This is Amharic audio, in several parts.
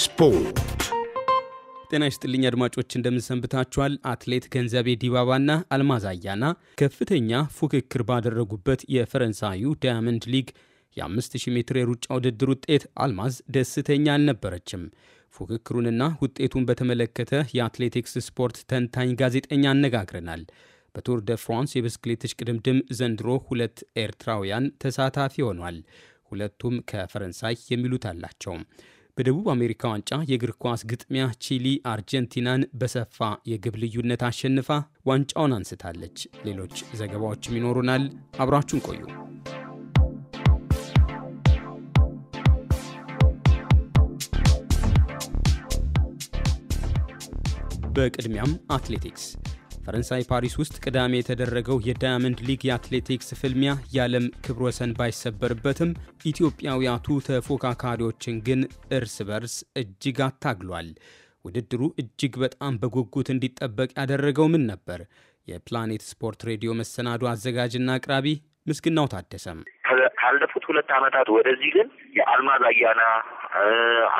ስፖርት ጤና ይስጥልኝ አድማጮች፣ እንደምንሰንብታችኋል። አትሌት ገንዘቤ ዲባባና አልማዝ አያና ከፍተኛ ፉክክር ባደረጉበት የፈረንሳዩ ዳያመንድ ሊግ የ5000 ሜትር የሩጫ ውድድር ውጤት አልማዝ ደስተኛ አልነበረችም። ፉክክሩንና ውጤቱን በተመለከተ የአትሌቲክስ ስፖርት ተንታኝ ጋዜጠኛ አነጋግረናል። በቱር ደ ፍራንስ የብስክሌት እሽቅድምድም ዘንድሮ ሁለት ኤርትራውያን ተሳታፊ ሆኗል። ሁለቱም ከፈረንሳይ የሚሉት አላቸው። በደቡብ አሜሪካ ዋንጫ የእግር ኳስ ግጥሚያ ቺሊ አርጀንቲናን በሰፋ የግብ ልዩነት አሸንፋ ዋንጫውን አንስታለች። ሌሎች ዘገባዎችም ይኖሩናል። አብራችሁን ቆዩ። በቅድሚያም አትሌቲክስ ፈረንሳይ ፓሪስ ውስጥ ቅዳሜ የተደረገው የዳያመንድ ሊግ የአትሌቲክስ ፍልሚያ የዓለም ክብረ ወሰን ባይሰበርበትም ኢትዮጵያውያቱ ተፎካካሪዎችን ግን እርስ በርስ እጅግ አታግሏል። ውድድሩ እጅግ በጣም በጉጉት እንዲጠበቅ ያደረገው ምን ነበር? የፕላኔት ስፖርት ሬዲዮ መሰናዶ አዘጋጅና አቅራቢ ምስግናው ታደሰም ካለፉት ሁለት ዓመታት ወደዚህ ግን የአልማዝ አያና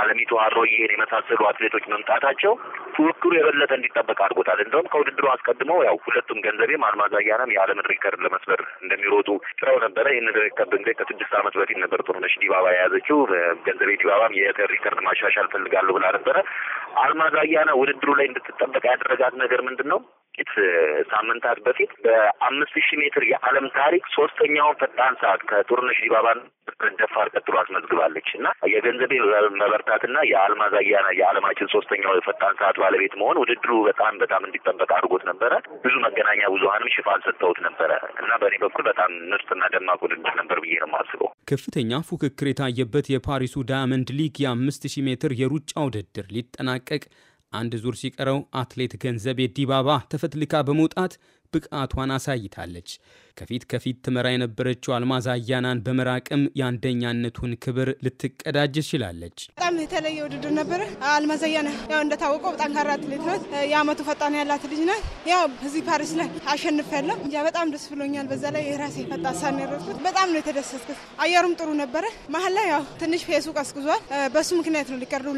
አለሚቱ አሮዬን የመሳሰሉ አትሌቶች መምጣታቸው ፉክክሩ የበለጠ እንዲጠበቅ አድርጎታል። እንደውም ከውድድሩ አስቀድመው ያው ሁለቱም ገንዘቤም አልማዝ አያናም የዓለምን ሪከርድ ለመስበር እንደሚሮጡ ጥረው ነበረ። ይህን ሪከርድ እንግዲህ ከስድስት ዓመት በፊት ነበር ጥሩነሽ ዲባባ የያዘችው። ገንዘቤ ዲባባም ሪከርድ ማሻሻል ፈልጋለሁ ብላ ነበረ። አልማዝ አያና ውድድሩ ላይ እንድትጠበቅ ያደረጋት ነገር ምንድን ነው? ጥቂት ሳምንታት በፊት በአምስት ሺህ ሜትር የዓለም ታሪክ ሶስተኛውን ፈጣን ሰዓት ከጥሩነሽ ዲባባን ደፋር ቀጥሎ አስመዝግባለች እና የገንዘቤ መበርታትና የአልማዝ አያና የዓለማችን ሶስተኛው የፈጣን ሰዓት ባለቤት መሆን ውድድሩ በጣም በጣም እንዲጠበቅ አድርጎት ነበረ። ብዙ መገናኛ ብዙሀንም ሽፋን ሰጥተውት ነበረ እና በእኔ በኩል በጣም ምርጥና ደማቅ ውድድር ነበር ብዬ ነው የማስበው። ከፍተኛ ፉክክር የታየበት የፓሪሱ ዳያመንድ ሊግ የአምስት ሺህ ሜትር የሩጫ ውድድር ሊጠናቀቅ አንድ ዙር ሲቀረው አትሌት ገንዘቤ ዲባባ ተፈትልካ በመውጣት ብቃቷን አሳይታለች። ከፊት ከፊት ትመራ የነበረችው አልማዝ አያናን በመራቅም የአንደኛነቱን ክብር ልትቀዳጅ ችላለች። በጣም የተለየ ውድድር ነበረ። አልማዝ አያና ያው እንደታወቀው ጠንካራ አትሌት ናት። የአመቱ ፈጣን ያላት ልጅ ናት። ያው እዚህ ፓሪስ ላይ አሸንፍ እ በጣም ደስ ብሎኛል። በዛ ላይ የራሴ ፈጣን ሳን በጣም ነው የተደሰትኩት። አየሩም ጥሩ ነበረ። መሀል ላይ ያው ትንሽ ፌሱ ቀስቅዟል። በሱ ምክንያት ነው ሊቀርዱ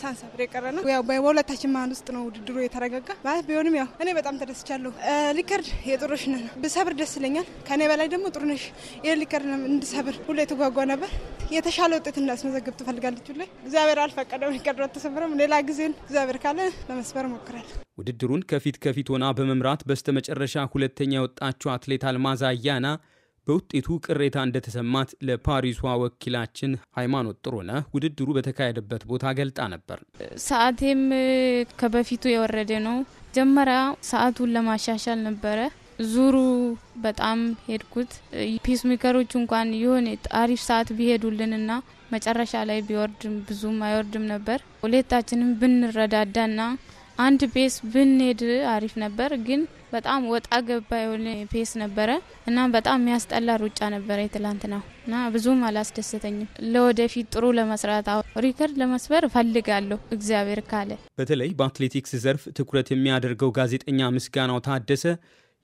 ሳንሳብር የቀረ ነው። ያው በሁለታችን መሀል ውስጥ ነው ውድድሩ የተረጋጋ ማለት ቢሆንም ያው እኔ በጣም ተደስቻለሁ። ሊከርድ የጥሮሽ ነው ብሰብር ደስ ይለኛል ይመስለኛል። ከኔ በላይ ደግሞ ጥሩነሽ ይህ ሊከር እንድሰብር ሁሉ የተጓጓ ነበር። የተሻለ ውጤት እንዳስመዘግብ ትፈልጋለች። ላይ እግዚአብሔር አልፈቀደም ሊቀር አልተሰበረም። ሌላ ጊዜን እግዚአብሔር ካለ ለመስበር ሞክራል። ውድድሩን ከፊት ከፊት ሆና በመምራት በስተመጨረሻ ሁለተኛ የወጣችው አትሌት አልማዝ አያና በውጤቱ ቅሬታ እንደተሰማት ለፓሪሷ ወኪላችን ሃይማኖት ጥሩነህ ውድድሩ በተካሄደበት ቦታ ገልጣ ነበር። ሰዓቴም ከበፊቱ የወረደ ነው። ጀመሪያ ሰዓቱን ለማሻሻል ነበረ ዙሩ በጣም ሄድኩት። ፒስ ሜከሮቹ እንኳን የሆነ አሪፍ ሰዓት ቢሄዱልንና መጨረሻ ላይ ቢወርድም ብዙም አይወርድም ነበር። ሁለታችንም ብንረዳዳና አንድ ፔስ ብንሄድ አሪፍ ነበር፣ ግን በጣም ወጣ ገባ የሆነ ፔስ ነበረ እና በጣም የሚያስጠላ ሩጫ ነበረ የትላንትናው እና ብዙም አላስደሰተኝም። ለወደፊት ጥሩ ለመስራት ሪከርድ ለመስበር እፈልጋለሁ እግዚአብሔር ካለ። በተለይ በአትሌቲክስ ዘርፍ ትኩረት የሚያደርገው ጋዜጠኛ ምስጋናው ታደሰ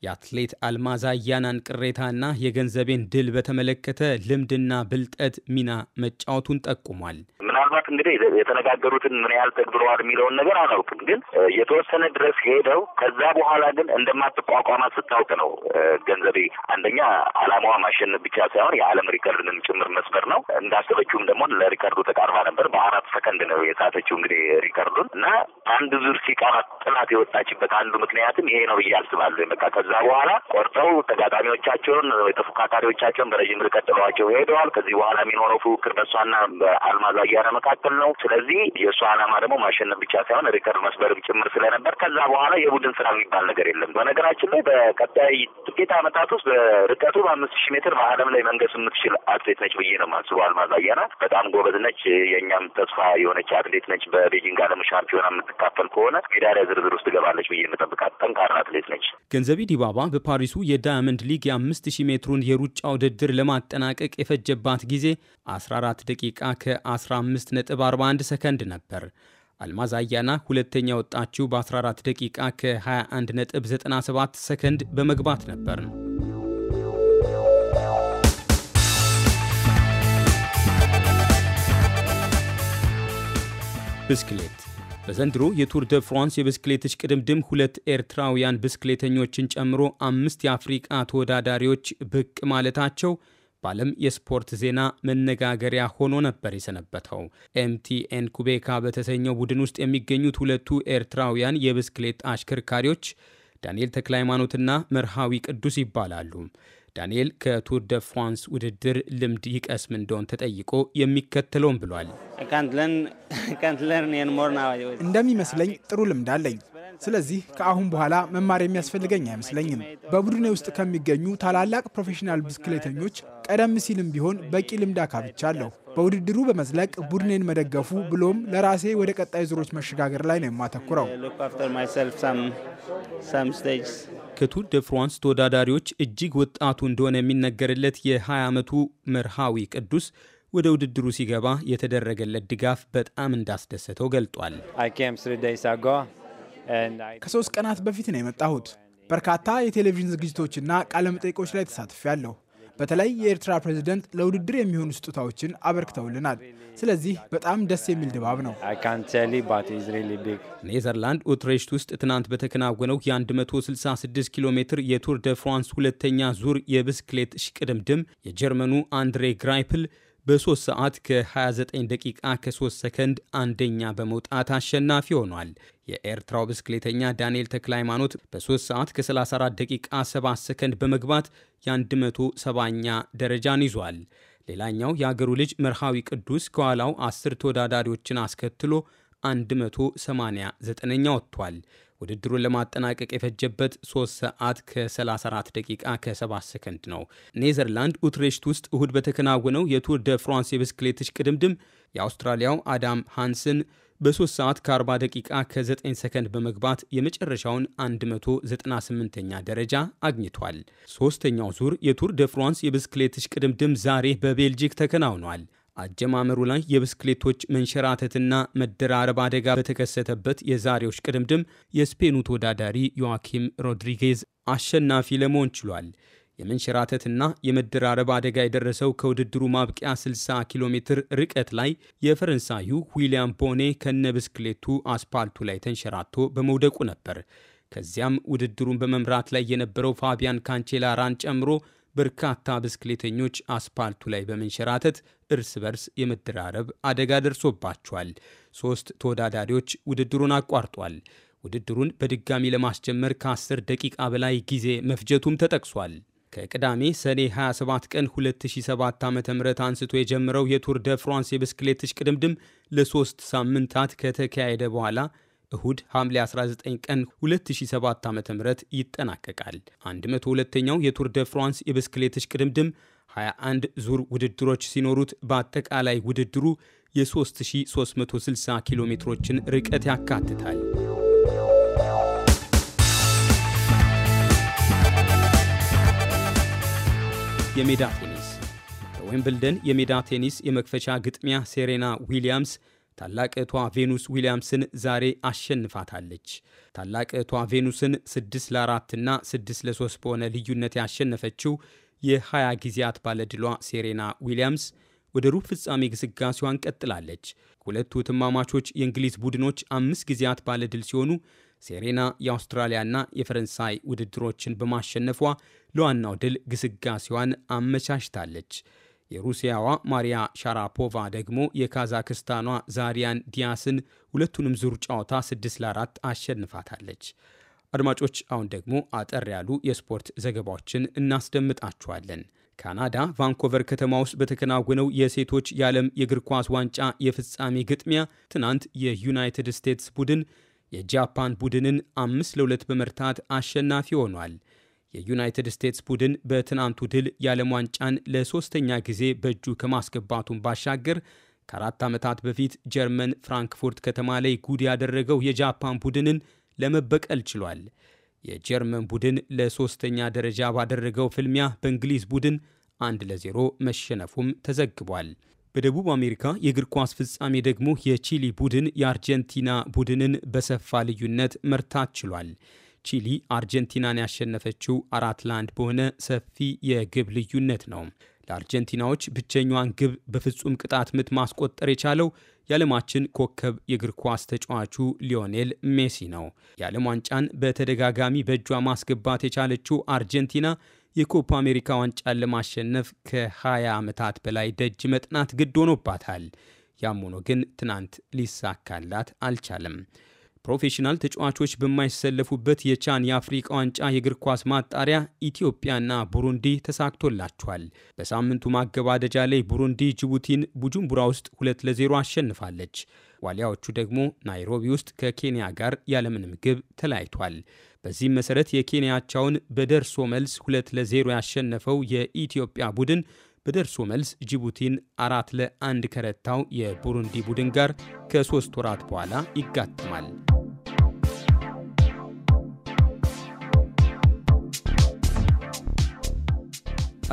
የአትሌት አልማዝ አያናን ቅሬታና የገንዘቤን ድል በተመለከተ ልምድና ብልጠት ሚና መጫወቱን ጠቁሟል። ምናልባት እንግዲህ የተነጋገሩትን ምን ያህል ተግብረዋል የሚለውን ነገር አላውቅም፣ ግን የተወሰነ ድረስ ሄደው ከዛ በኋላ ግን እንደማትቋቋማት ስታውቅ ነው ገንዘቤ አንደኛ አላማዋ ማሸነፍ ብቻ ሳይሆን የዓለም ሪከርድንም ጭምር መስበር ነው። እንዳሰበችውም ደግሞ ለሪከርዱ ተቃርባ ነበር። በአራት ሰከንድ ነው የሳተችው እንግዲህ ሪከርዱን እና አንድ ዙር ሲቀራት ጥላት የወጣችበት አንዱ ምክንያትም ይሄ ነው ብዬ አስባለሁ። በቃ ከዛ በኋላ ቆርጠው ተጋጣሚዎቻቸውን ተፎካካሪዎቻቸውን በረዥም ርቀት ጥለዋቸው ሄደዋል። ከዚህ በኋላ የሚኖረው ፉክክር በእሷና በአልማዝ መካከል ነው። ስለዚህ የእሱ ዓላማ ደግሞ ማሸነፍ ብቻ ሳይሆን ሪከርድ መስበርም ጭምር ስለነበር ከዛ በኋላ የቡድን ስራ የሚባል ነገር የለም። በነገራችን ላይ በቀጣይ ጥቂት ዓመታት ውስጥ በርቀቱ በአምስት ሺህ ሜትር በዓለም ላይ መንገስ የምትችል አትሌት ነች ብዬ ነው የማስበው። አልማዝ አያና በጣም ጎበዝ ነች። የእኛም ተስፋ የሆነች አትሌት ነች። በቤጂንግ ዓለም ሻምፒዮና የምትካፈል ከሆነ ሜዳሊያ ዝርዝር ውስጥ ገባለች ብዬ የምጠብቃት ጠንካራ አትሌት ነች። ገንዘቤ ዲባባ በፓሪሱ የዳያመንድ ሊግ የአምስት ሺህ ሜትሩን የሩጫ ውድድር ለማጠናቀቅ የፈጀባት ጊዜ 14 ደቂቃ ከ15 በ ሰከንድ ነበር። አልማዝ አያና ሁለተኛ ወጣችው በ14 ደቂቃ ከ21.97 ሰከንድ በመግባት ነበር። ብስክሌት በዘንድሮ የቱር ደ ፍራንስ የብስክሌቶች ቅድምድም ሁለት ኤርትራውያን ብስክሌተኞችን ጨምሮ አምስት የአፍሪቃ ተወዳዳሪዎች ብቅ ማለታቸው በዓለም የስፖርት ዜና መነጋገሪያ ሆኖ ነበር የሰነበተው። ኤምቲኤን ኩቤካ በተሰኘው ቡድን ውስጥ የሚገኙት ሁለቱ ኤርትራውያን የብስክሌት አሽከርካሪዎች ዳንኤል ተክለ ሃይማኖትና መርሃዊ ቅዱስ ይባላሉ። ዳንኤል ከቱር ደ ፍራንስ ውድድር ልምድ ይቀስም እንደሆን ተጠይቆ የሚከተለውን ብሏል። እንደሚመስለኝ ጥሩ ልምድ አለኝ። ስለዚህ ከአሁን በኋላ መማር የሚያስፈልገኝ አይመስለኝም። በቡድኔ ውስጥ ከሚገኙ ታላላቅ ፕሮፌሽናል ብስክሌተኞች ቀደም ሲልም ቢሆን በቂ ልምድ አካብቻለሁ። በውድድሩ በመዝለቅ ቡድኔን መደገፉ ብሎም ለራሴ ወደ ቀጣይ ዙሮች መሸጋገር ላይ ነው የማተኩረው። ከቱር ደ ፍራንስ ተወዳዳሪዎች እጅግ ወጣቱ እንደሆነ የሚነገርለት የ20 ዓመቱ መርሃዊ ቅዱስ ወደ ውድድሩ ሲገባ የተደረገለት ድጋፍ በጣም እንዳስደሰተው ገልጧል። ከሶስት ቀናት በፊት ነው የመጣሁት። በርካታ የቴሌቪዥን ዝግጅቶችና መጠይቆች ላይ ተሳትፌያለሁ። በተለይ የኤርትራ ፕሬዝደንት ለውድድር የሚሆኑ ስጦታዎችን አበርክተውልናል። ስለዚህ በጣም ደስ የሚል ድባብ ነው። ኔዘርላንድ ኡትሬሽት ውስጥ ትናንት በተከናወነው የ166 ኪሎ ሜትር የቱር ደ ፍራንስ ሁለተኛ ዙር የብስክሌት ሽቅድምድም የጀርመኑ አንድሬ ግራይፕል በ3 ሰዓት ከ29 ደቂቃ ከ3 ሰከንድ አንደኛ በመውጣት አሸናፊ ሆኗል። የኤርትራው ብስክሌተኛ ዳንኤል ተክለ ሃይማኖት በ3 ሰዓት ከ34 ደቂቃ 7 ሰከንድ በመግባት የ170ኛ ደረጃን ይዟል። ሌላኛው የአገሩ ልጅ መርሃዊ ቅዱስ ከኋላው 10 ተወዳዳሪዎችን አስከትሎ 189ኛ ወጥቷል። ውድድሩን ለማጠናቀቅ የፈጀበት 3 ሰዓት ከ34 ደቂቃ ከ7 ሰከንድ ነው። ኔዘርላንድ ኡትሬሽት ውስጥ እሁድ በተከናወነው የቱር ደ ፍራንስ የብስክሌቶች ቅድምድም የአውስትራሊያው አዳም ሃንስን በ3 ሰዓት ከ40 ደቂቃ ከ9 ሰከንድ በመግባት የመጨረሻውን 198ኛ ደረጃ አግኝቷል። ሦስተኛው ዙር የቱር ደ ፍራንስ የብስክሌቶች ቅድምድም ዛሬ በቤልጂክ ተከናውኗል። አጀማመሩ ላይ የብስክሌቶች መንሸራተትና መደራረብ አደጋ በተከሰተበት የዛሬዎች ቅድምድም የስፔኑ ተወዳዳሪ ዮዋኪም ሮድሪጌዝ አሸናፊ ለመሆን ችሏል። የመንሸራተትና የመደራረብ አደጋ የደረሰው ከውድድሩ ማብቂያ 60 ኪሎ ሜትር ርቀት ላይ የፈረንሳዩ ዊሊያም ቦኔ ከነ ብስክሌቱ አስፓልቱ ላይ ተንሸራቶ በመውደቁ ነበር። ከዚያም ውድድሩን በመምራት ላይ የነበረው ፋቢያን ካንቼላራን ጨምሮ በርካታ ብስክሌተኞች አስፓልቱ ላይ በመንሸራተት እርስ በርስ የመደራረብ አደጋ ደርሶባቸዋል። ሶስት ተወዳዳሪዎች ውድድሩን አቋርጧል። ውድድሩን በድጋሚ ለማስጀመር ከ10 ደቂቃ በላይ ጊዜ መፍጀቱም ተጠቅሷል። ከቅዳሜ ሰኔ 27 ቀን 2007 ዓ.ም አንስቶ የጀመረው የቱር ደ ፍራንስ የብስክሌት እሽቅድምድም ለሶስት ሳምንታት ከተካሄደ በኋላ እሁድ ሐምሌ 19 ቀን 2007 ዓ ም ይጠናቀቃል። 102ኛው የቱር ደ ፍራንስ የብስክሌት እሽቅድምድም 21 ዙር ውድድሮች ሲኖሩት በአጠቃላይ ውድድሩ የ3360 ኪሎ ሜትሮችን ርቀት ያካትታል። የሜዳ ቴኒስ በዌምብልደን የሜዳ ቴኒስ የመክፈቻ ግጥሚያ ሴሬና ዊሊያምስ ታላቅ እህቷ ቬኑስ ዊሊያምስን ዛሬ አሸንፋታለች። ታላቅ እህቷ ቬኑስን 6 ለ4 እና 6 ለ3 በሆነ ልዩነት ያሸነፈችው የ20 ጊዜያት ባለድሏ ሴሬና ዊሊያምስ ወደ ሩብ ፍጻሜ ግስጋሴዋን ቀጥላለች። ሁለቱ ትማማቾች የእንግሊዝ ቡድኖች አምስት ጊዜያት ባለድል ሲሆኑ ሴሬና የአውስትራሊያና የፈረንሳይ ውድድሮችን በማሸነፏ ለዋናው ድል ግስጋሴዋን አመቻችታለች። የሩሲያዋ ማሪያ ሻራፖቫ ደግሞ የካዛክስታኗ ዛሪያን ዲያስን ሁለቱንም ዙር ጨዋታ 6 ለ4 አሸንፋታለች። አድማጮች፣ አሁን ደግሞ አጠር ያሉ የስፖርት ዘገባዎችን እናስደምጣችኋለን። ካናዳ ቫንኮቨር ከተማ ውስጥ በተከናወነው የሴቶች የዓለም የእግር ኳስ ዋንጫ የፍጻሜ ግጥሚያ ትናንት የዩናይትድ ስቴትስ ቡድን የጃፓን ቡድንን አምስት ለሁለት በመርታት አሸናፊ ሆኗል። የዩናይትድ ስቴትስ ቡድን በትናንቱ ድል የዓለም ዋንጫን ለሶስተኛ ጊዜ በእጁ ከማስገባቱን ባሻገር ከአራት ዓመታት በፊት ጀርመን ፍራንክፉርት ከተማ ላይ ጉድ ያደረገው የጃፓን ቡድንን ለመበቀል ችሏል። የጀርመን ቡድን ለሶስተኛ ደረጃ ባደረገው ፍልሚያ በእንግሊዝ ቡድን አንድ ለዜሮ መሸነፉም ተዘግቧል። በደቡብ አሜሪካ የእግር ኳስ ፍጻሜ ደግሞ የቺሊ ቡድን የአርጀንቲና ቡድንን በሰፋ ልዩነት መርታት ችሏል። ቺሊ አርጀንቲናን ያሸነፈችው አራት ለአንድ በሆነ ሰፊ የግብ ልዩነት ነው። ለአርጀንቲናዎች ብቸኛዋን ግብ በፍጹም ቅጣት ምት ማስቆጠር የቻለው የዓለማችን ኮከብ የእግር ኳስ ተጫዋቹ ሊዮኔል ሜሲ ነው። የዓለም ዋንጫን በተደጋጋሚ በእጇ ማስገባት የቻለችው አርጀንቲና የኮፓ አሜሪካ ዋንጫን ለማሸነፍ ከ20 ዓመታት በላይ ደጅ መጥናት ግድ ሆኖባታል። ያም ሆኖ ግን ትናንት ሊሳካላት አልቻለም። ፕሮፌሽናል ተጫዋቾች በማይሰለፉበት የቻን የአፍሪቃ ዋንጫ የእግር ኳስ ማጣሪያ ኢትዮጵያና ቡሩንዲ ተሳክቶላቸዋል። በሳምንቱ ማገባደጃ ላይ ቡሩንዲ ጅቡቲን ቡጁምቡራ ውስጥ ሁለት ለዜሮ አሸንፋለች። ዋሊያዎቹ ደግሞ ናይሮቢ ውስጥ ከኬንያ ጋር ያለምንም ግብ ተለያይቷል። በዚህም መሰረት የኬንያቻውን በደርሶ መልስ ሁለት ለዜሮ ያሸነፈው የኢትዮጵያ ቡድን በደርሶ መልስ ጅቡቲን አራት ለአንድ ከረታው የቡሩንዲ ቡድን ጋር ከሦስት ወራት በኋላ ይጋጥማል።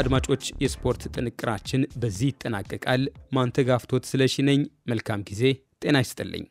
አድማጮች፣ የስፖርት ጥንቅራችን በዚህ ይጠናቀቃል። ማንተጋፍቶት ስለሺ ነኝ። መልካም ጊዜ። ጤና ይስጥልኝ።